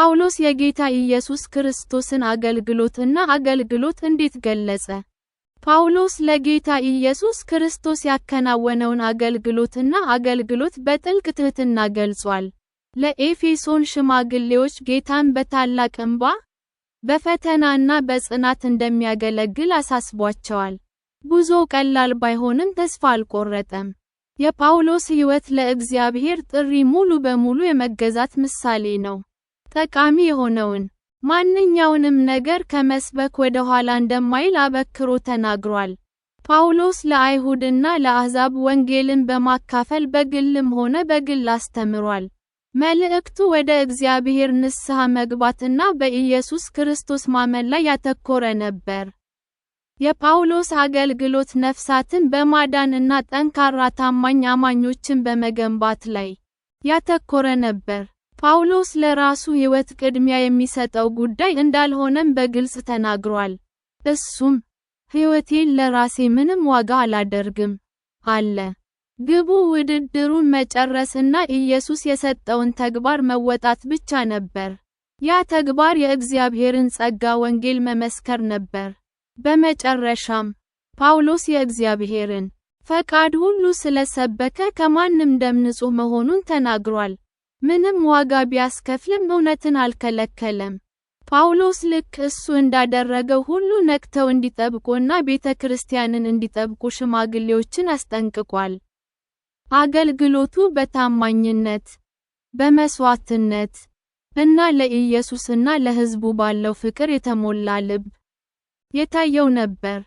ጳውሎስ የጌታ ኢየሱስ ክርስቶስን አገልግሎትና አገልግሎት እንዴት ገለጸ? ጳውሎስ ለጌታ ኢየሱስ ክርስቶስ ያከናወነውን አገልግሎትና አገልግሎት በጥልቅ ትሕትና ገልጿል። ለኤፌሶን ሽማግሌዎች ጌታን በታላቅ እንባ፣ በፈተናና በጽናት እንደሚያገለግል አሳስቧቸዋል። ብዙ ቀላል ባይሆንም ተስፋ አልቆረጠም። የጳውሎስ ሕይወት ለእግዚአብሔር ጥሪ ሙሉ በሙሉ የመገዛት ምሳሌ ነው። ጠቃሚ የሆነውን ማንኛውንም ነገር ከመስበክ ወደ ኋላ እንደማይል አበክሮ ተናግሯል። ጳውሎስ ለአይሁድና ለአሕዛብ ወንጌልን በማካፈል በግልም ሆነ በግል አስተምሯል። መልእክቱ ወደ እግዚአብሔር ንስሐ መግባትና በኢየሱስ ክርስቶስ ማመን ላይ ያተኮረ ነበር። የጳውሎስ አገልግሎት ነፍሳትን በማዳንና ጠንካራ ታማኝ አማኞችን በመገንባት ላይ ያተኮረ ነበር። ጳውሎስ ለራሱ ሕይወት ቅድሚያ የሚሰጠው ጉዳይ እንዳልሆነም በግልጽ ተናግሯል። እሱም ሕይወቴን ለራሴ ምንም ዋጋ አላደርግም አለ። ግቡ ውድድሩን መጨረስና ኢየሱስ የሰጠውን ተግባር መወጣት ብቻ ነበር። ያ ተግባር የእግዚአብሔርን ጸጋ ወንጌል መመስከር ነበር። በመጨረሻም ጳውሎስ የእግዚአብሔርን ፈቃድ ሁሉ ስለሰበከ ከማንም ደም ንጹሕ መሆኑን ተናግሯል። ምንም ዋጋ ቢያስከፍልም እውነትን አልከለከለም። ጳውሎስ ልክ እሱ እንዳደረገው ሁሉ ነቅተው እንዲጠብቁና ቤተ ክርስቲያንን እንዲጠብቁ ሽማግሌዎችን አስጠንቅቋል። አገልግሎቱ በታማኝነት፣ በመስዋዕትነት እና ለኢየሱስና ለሕዝቡ ባለው ፍቅር የተሞላ ልብ የታየው ነበር።